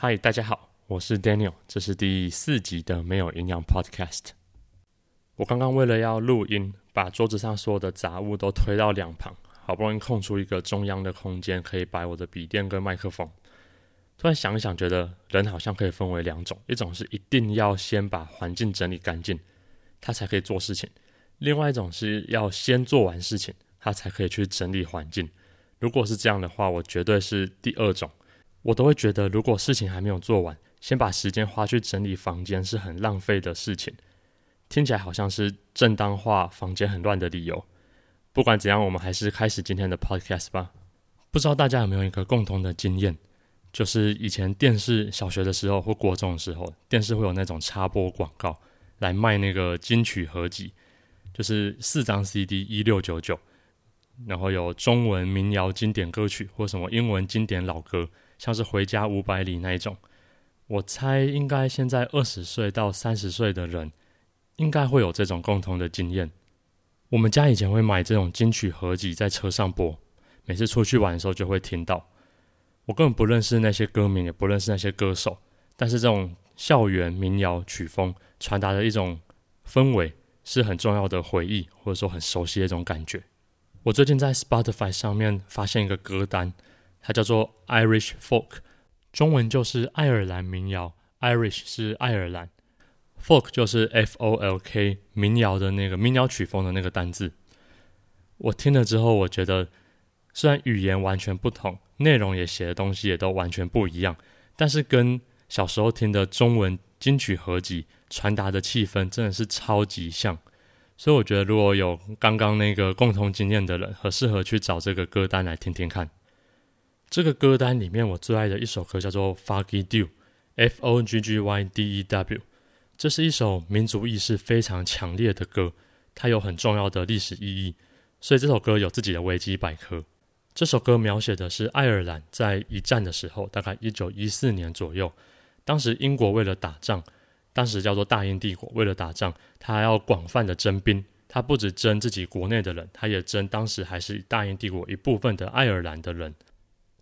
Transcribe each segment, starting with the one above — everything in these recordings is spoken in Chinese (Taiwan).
嗨，Hi, 大家好，我是 Daniel，這是第四集的沒有營養 Podcast。我剛剛為了要錄音，把桌子上所有的雜物都推到兩旁，好不容易空出一個中央的空間，可以擺我的筆電跟麥克風。突然想想，覺得人好像可以分為兩種，一種是一定要先把環境整理乾淨，他才可以做事情，另外一種是要先做完事情，他才可以去整理環境。如果是這樣的話，我絕對是第二種。我都會覺得，如果事情還沒有做完，先把時間花去整理房間是很浪費的事情。聽起來好像是正當化房間很亂的理由。不管怎樣，我們還是開始今天的 podcast 吧。不知道大家有沒有一個共同的經驗，就是以前電視小學的時候或國中的時候，電視會有那種插播廣告來賣那個金曲合輯，就是四張 CD，一六九九，然後有中文民謠經典歌曲或什麼英文經典老歌。像是回家五百里那一種，我猜應該現在二十歲到三十歲的人，應該會有這種共同的經驗。我們家以前會買這種金曲合集在車上播，每次出去玩的時候就會聽到。我根本不認識那些歌名，也不認識那些歌手，但是這種校園民謠曲風傳達的一種氛圍，是很重要的回憶，或者說很熟悉的一種感覺。我最近在 Spotify 上面發現一個歌單。它叫做 Irish Folk，中文就是愛爾蘭民謠。Irish 是愛爾蘭，folk 就是 F O L K 民謠的那個民謠曲風的那個單字。我聽了之後，我覺得雖然語言完全不同，內容也寫的東西也都完全不一樣，但是跟小時候聽的中文金曲合輯傳達的氣氛真的是超級像。所以我覺得如果有剛剛那個共同經驗的人，很適合去找這個歌單來聽聽看。這個歌單裡面我最愛的一首歌叫做 Foggy Dew，F O G G Y D E W，這是一首民族意識非常強烈的歌，它有很重要的歷史意義，所以這首歌有自己的維基百科。這首歌描寫的是愛爾蘭在一戰的時候，大概一九一四年左右，當時英國為了打仗，當時叫做大英帝國，為了打仗，他還要廣泛的徵兵，他不只徵自己國內的人，他也徵當時還是大英帝國一部分的愛爾蘭的人。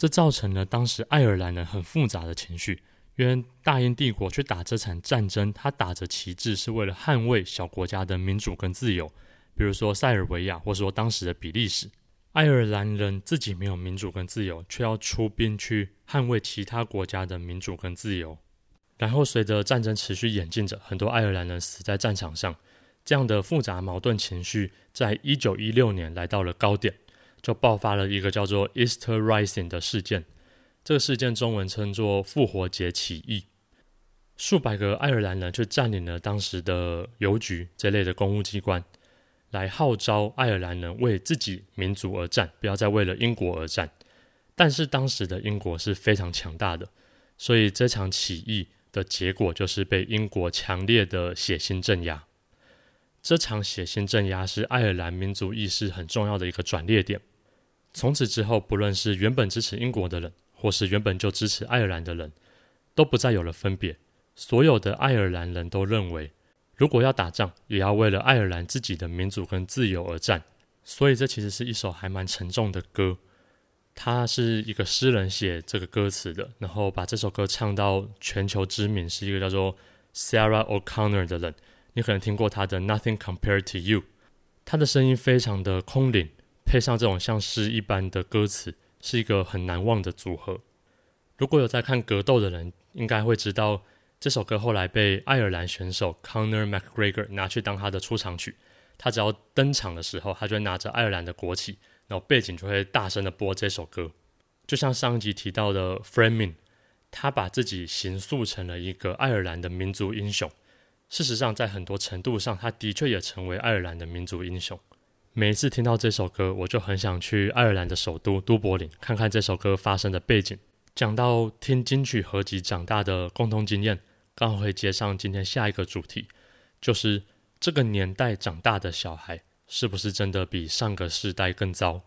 這造成了當時愛爾蘭人很複雜的情緒，因為大英帝國去打這場戰爭，他打着旗幟是為了捍衛小國家的民主跟自由，比如說塞爾維亞，或者說當時的比利時。愛爾蘭人自己沒有民主跟自由，卻要出兵去捍衛其他國家的民主跟自由。然後隨着戰爭持續演進着，很多愛爾蘭人死在戰場上，這樣的複雜的矛盾情緒，在一九一六年來到了高點。就爆發了一個叫做 Easter Rising 的事件，這個事件中文稱作復活節起義。數百個愛爾蘭人就佔領了當時的郵局這類的公務機關，來號召愛爾蘭人為自己民族而戰，不要再為了英國而戰。但是當時的英國是非常強大的，所以這場起義的結果就是被英國強烈的血腥鎮壓。這場血腥鎮壓是愛爾蘭民族意識很重要的一個轉捩點。從此之後，不論是原本支持英國的人，或是原本就支持愛爾蘭的人，都不再有了分別。所有的愛爾蘭人都認為，如果要打仗，也要為了愛爾蘭自己的民主跟自由而戰。所以，這其實是一首還蠻沉重的歌。他是一個詩人寫這個歌詞的，然後把這首歌唱到全球知名，是一個叫做 Sarah O'Connor 的人。你可能聽過他的《Nothing Compared to You》，他的聲音非常的空靈。配上這種像詩一般的歌詞，是一個很難忘的組合。如果有在看格鬥的人，應該會知道這首歌後來被愛爾蘭選手 Conor McGregor 拿去當他的出場曲。他只要登場的時候，他就會拿着愛爾蘭的國旗，然後背景就會大聲的播這首歌。就像上一集提到的 Framing，他把自己形塑成了一個愛爾蘭的民族英雄。事實上，在很多程度上，他的確也成為愛爾蘭的民族英雄。每一次聽到這首歌，我就很想去愛爾蘭的首都都柏林看看這首歌發生的背景。講到聽金曲合輯長大的共同經驗，剛好會接上今天下一個主題，就是這個年代長大的小孩是不是真的比上個世代更糟？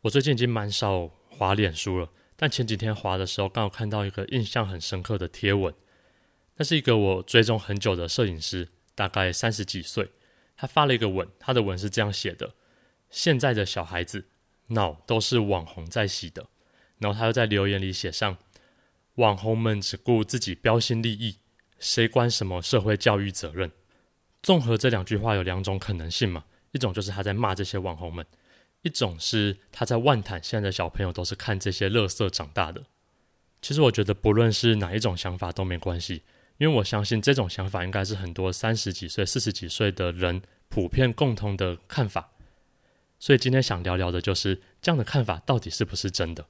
我最近已經蠻少滑臉書了，但前幾天滑的時候，剛好看到一個印象很深刻的貼文，那是一個我追蹤很久的攝影師，大概三十幾歲。他發了一個文，他的文是這樣寫的：“現在的小孩子腦都是網紅在洗的。”然後他又在留言裡寫上：“網紅們只顧自己標新立異，誰管什麼社會教育責任？”綜合這兩句話，有兩種可能性嘛，一種就是他在罵這些網紅們，一種是他在萬坦現在的小朋友都是看這些垃圾長大的。其實我覺得，不論是哪一種想法都沒關係。因為我相信這種想法應該是很多三十幾歲、四十幾歲的人普遍共同的看法，所以今天想聊聊的就是這樣的看法到底是不是真的。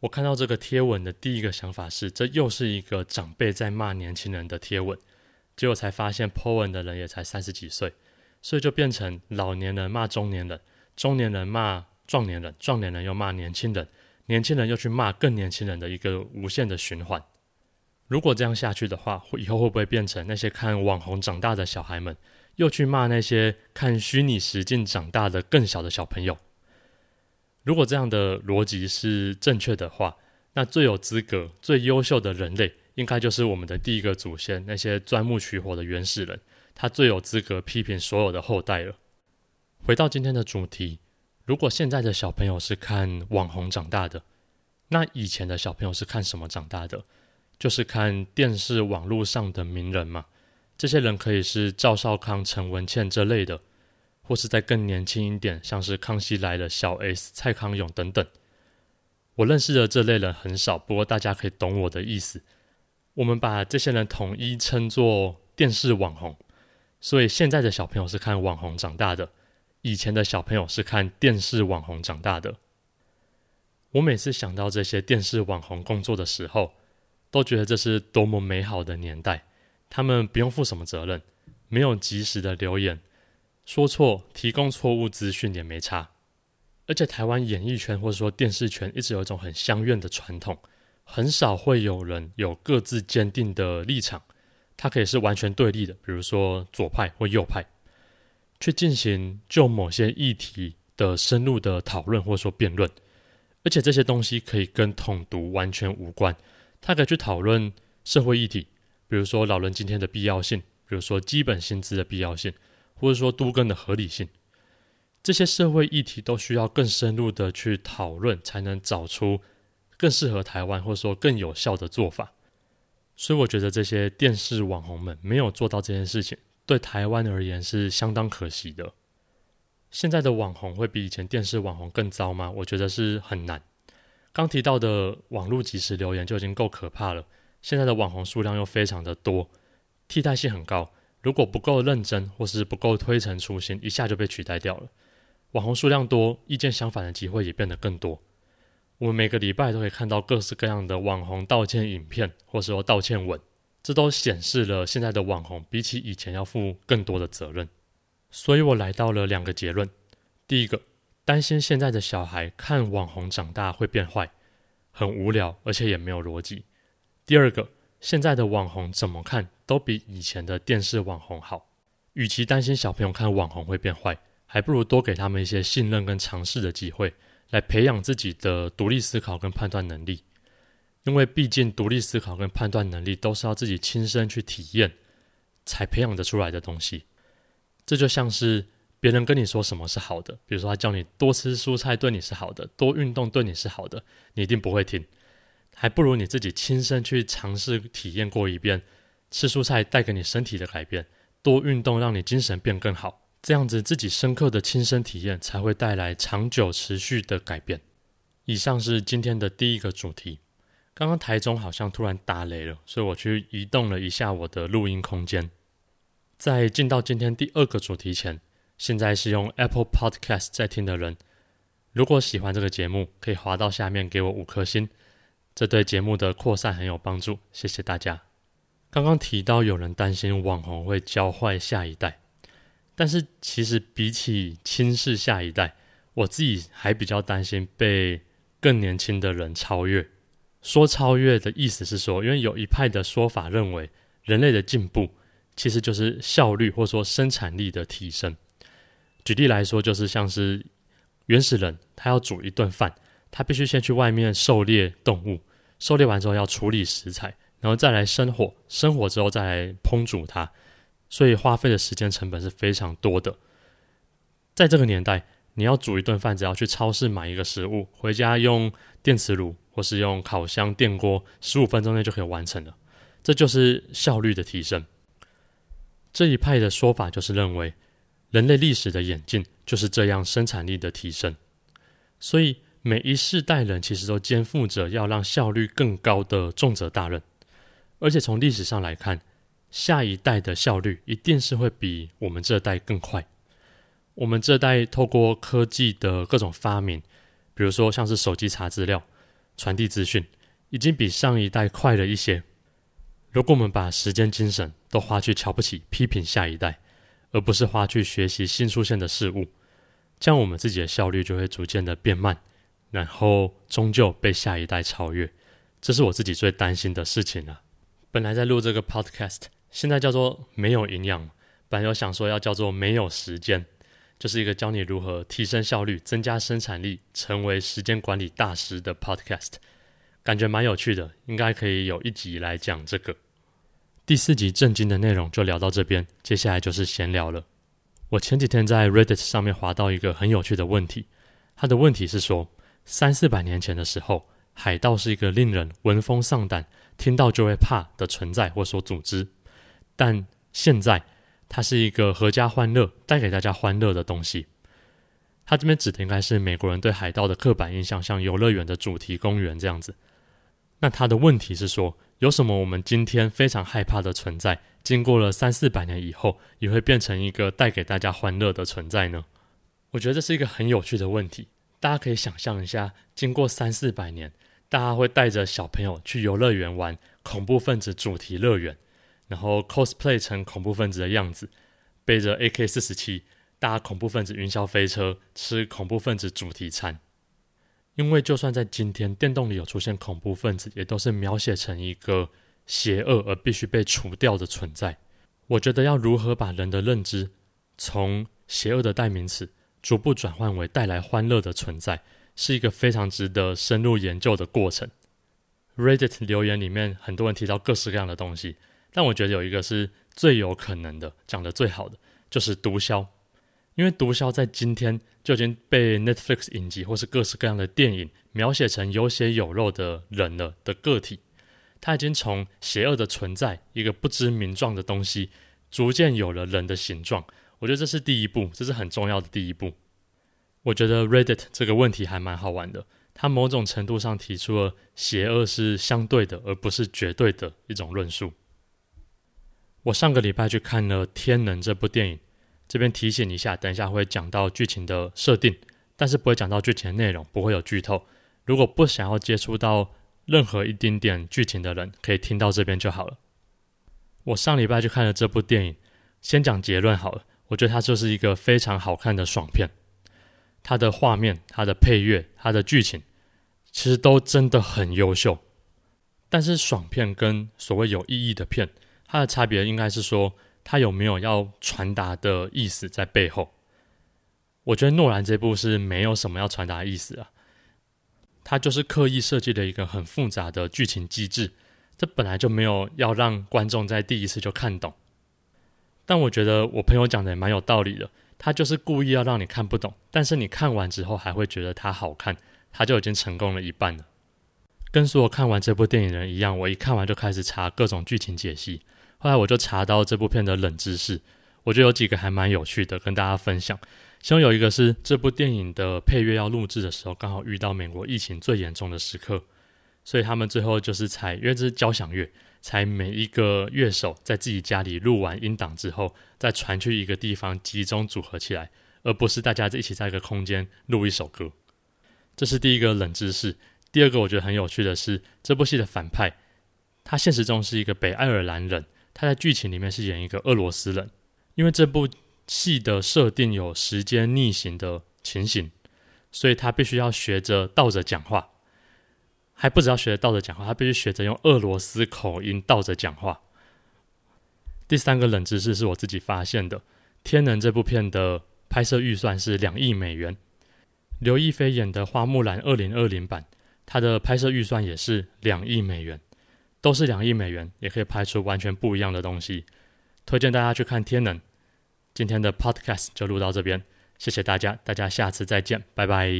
我看到這個貼文的第一個想法是，這又是一個長輩在罵年輕人的貼文，結果才發現 Po 文的人也才三十幾歲，所以就變成老年人罵中年人，中年人罵壯年人，壯年人又罵年輕人，年輕人又去罵更年輕人的一個無限的循環。如果這樣下去的話，以後會不會變成那些看網紅長大的小孩們，又去罵那些看虛擬實境長大的更小的小朋友？如果這樣的邏輯是正確的話，那最有資格、最優秀的人類，應該就是我們的第一個祖先——那些鑽木取火的原始人。他最有資格批評所有的後代了。回到今天的主題，如果現在的小朋友是看網紅長大的，那以前的小朋友是看什麼長大的？就是看電視網絡上的名人嘛，這些人可以是趙少康、陳文茜這類的，或是再更年輕一點，像是《康熙來了》、小 S、蔡康永等等。我認識的這類人很少，不過大家可以懂我的意思。我們把這些人統一稱作電視網紅，所以現在的小朋友是看網紅長大的，以前的小朋友是看電視網紅長大的。我每次想到這些電視網紅工作的時候，都覺得這是多麼美好的年代，他們不用負什麼責任，沒有即時的留言，說錯提供錯誤資訊也沒差。而且台灣演藝圈或者說電視圈一直有一種很鄉願的傳統，很少會有人有各自堅定的立場，它可以是完全對立的，比如說左派或右派，去進行就某些議題的深入的討論或者說辯論，而且這些東西可以跟統獨完全無關。他可以去討論社會議題，比如說老人今天的必要性，比如說基本薪資的必要性，或者說都更的合理性。這些社會議題都需要更深入的去討論，才能找出更適合台灣，或者說更有效的做法。所以我覺得這些電視網紅們沒有做到這件事情，對台灣而言是相當可惜的。現在的網紅會比以前電視網紅更糟嗎？我覺得是很難。剛提到的網絡即時留言就已經夠可怕了，現在的網紅數量又非常的多，替代性很高。如果不夠認真或是不夠推陳出新，一下就被取代掉了。網紅數量多，意見相反的機會也變得更多。我們每個禮拜都可以看到各式各樣的網紅道歉影片，或是說道歉文，這都顯示了現在的網紅比起以前要負更多的責任。所以我來到了兩個結論，第一個，擔心現在的小孩看網紅長大會變壞，很無聊，而且也沒有邏輯。第二個，現在的網紅怎麼看都比以前的電視網紅好。與其擔心小朋友看網紅會變壞，還不如多給他們一些信任跟嘗試的機會，來培養自己的獨立思考跟判斷能力。因為畢竟獨立思考跟判斷能力都是要自己親身去體驗，才培養得出來的東西。這就像是。別人跟你說什麼是好的，比如說他叫你多吃蔬菜對你是好的，多運動對你是好的，你一定不會聽，還不如你自己親身去嘗試體驗過一遍，吃蔬菜帶給你身體的改變，多運動讓你精神變更好，這樣子自己深刻的親身體驗才會帶來長久持續的改變。以上是今天的第一個主題。剛剛台中好像突然打雷了，所以我去移動了一下我的錄音空間，在進到今天第二個主題前。現在是用 Apple Podcast 在聽的人，如果喜歡這個節目，可以滑到下面給我五顆星，這對節目的擴散很有幫助。謝謝大家。剛剛提到有人擔心網紅會教壞下一代，但是其實比起輕視下一代，我自己還比較擔心被更年輕的人超越。說超越的意思是說，因為有一派的說法認為，人類的進步其實就是效率或說生產力的提升。舉例來說，就是像是原始人，他要煮一頓飯，他必須先去外面狩獵動物，狩獵完之後要處理食材，然後再來生火，生火之後再來烹煮它，所以花費的時間成本是非常多的。在這個年代，你要煮一頓飯，只要去超市買一個食物，回家用電磁爐或是用烤箱、電鍋，十五分鐘內就可以完成了。這就是效率的提升。這一派的說法就是認為。人類歷史的演進就是這樣，生產力的提升。所以每一世代人其實都肩負着要讓效率更高的重責大任。而且從歷史上來看，下一代的效率一定是會比我們這代更快。我們這代透過科技的各種發明，比如說像是手機查資料、傳遞資訊，已經比上一代快了一些。如果我們把時間、精神都花去瞧不起、批評下一代。而不是花去學習新出現的事物，這樣我們自己的效率就會逐漸的變慢，然後終究被下一代超越。這是我自己最擔心的事情啊。本來在錄這個 Podcast，現在叫做沒有營養，本來有想說要叫做沒有時間，就是一個教你如何提升效率、增加生產力、成為時間管理大師的 Podcast，感覺蠻有趣的，應該可以有一集來講這個。第四集正經的內容就聊到這邊，接下來就是閒聊了。我前幾天在 Reddit 上面滑到一個很有趣的問題，他的問題是說，三四百年前的時候，海盜是一個令人聞風喪膽、聽到就會怕的存在或說組織，但現在它是一個闔家歡樂、帶給大家歡樂的東西。他這邊指的應該是美國人對海盜的刻板印象，像遊樂園的主題公園這樣子。那他的問題是說，有什麼我們今天非常害怕的存在，經過了三四百年以後，也會變成一個帶給大家歡樂的存在呢？我覺得這是一個很有趣的問題。大家可以想象一下，經過三四百年，大家會帶着小朋友去遊樂園玩恐怖分子主題樂園，然後 cosplay 成恐怖分子的樣子，背着 AK 四十七，搭恐怖分子雲霄飛車，吃恐怖分子主題餐。因為就算在今天，電動裡有出現恐怖分子，也都是描寫成一個邪惡而必須被除掉的存在。我覺得要如何把人的認知從邪惡的代名詞逐步轉換為帶來歡樂的存在，是一個非常值得深入研究的過程。Reddit 留言裡面很多人提到各式各樣的東西，但我覺得有一個是最有可能的、講得最好的，就是毒梟。因為毒梟在今天就已經被 Netflix 影集或是各式各樣的電影描寫成有血有肉的人了的個體，他已經從邪惡的存在一個不知名狀的東西，逐漸有了人的形狀。我覺得這是第一步，這是很重要的第一步。我覺得 Reddit 這個問題還蠻好玩的，它某種程度上提出了邪惡是相對的而不是絕對的一種論述。我上個禮拜去看了《天能》這部電影。這邊提醒一下，等一下會講到劇情的設定，但是不會講到劇情的內容，不會有劇透。如果不想要接觸到任何一丁點劇情的人，可以聽到這邊就好了。我上禮拜就看了這部電影，先講結論好了，我覺得它就是一個非常好看的爽片。它的畫面、它的配樂、它的劇情，其實都真的很優秀。但是爽片跟所謂有意義的片，它的差別應該是說……他有沒有要傳達的意思在背後？我覺得諾蘭這部是沒有什麼要傳達的意思啊，他就是刻意設計了一個很複雜的劇情機制，這本來就沒有要讓觀眾在第一次就看懂。但我覺得我朋友講的也蠻有道理的，他就是故意要讓你看不懂，但是你看完之後還會覺得它好看，他就已經成功了一半了。跟所有看完這部電影的人一樣，我一看完就開始查各種劇情解析。後來我就查到這部片的冷知識，我覺得有幾個還蠻有趣的，跟大家分享。其中有一個是，這部電影的配樂要錄製的時候，剛好遇到美國疫情最嚴重的時刻，所以他們最後就是採，因為這是交響樂，採每一個樂手在自己家裡錄完音檔之後，再傳去一個地方集中組合起來，而不是大家一起在一個空間錄一首歌。這是第一個冷知識。第二個我覺得很有趣的是，這部戲的反派，他現實中是一個北愛爾蘭人。他在劇情裡面是演一個俄羅斯人，因為這部戲的設定有時間逆行的情形，所以他必須要學着倒着講話，還不只要學着倒着講話，他必須學着用俄羅斯口音倒着講話。第三個冷知識是我自己發現的，《天能》這部片的拍攝預算是兩億美元，劉亦菲演的《花木蘭》二零二零版，他的拍攝預算也是兩億美元。都是兩億美元，也可以拍出完全不一樣的東西。推薦大家去看《天能》。今天的 Podcast 就錄到這邊，謝謝大家，大家下次再見，拜拜。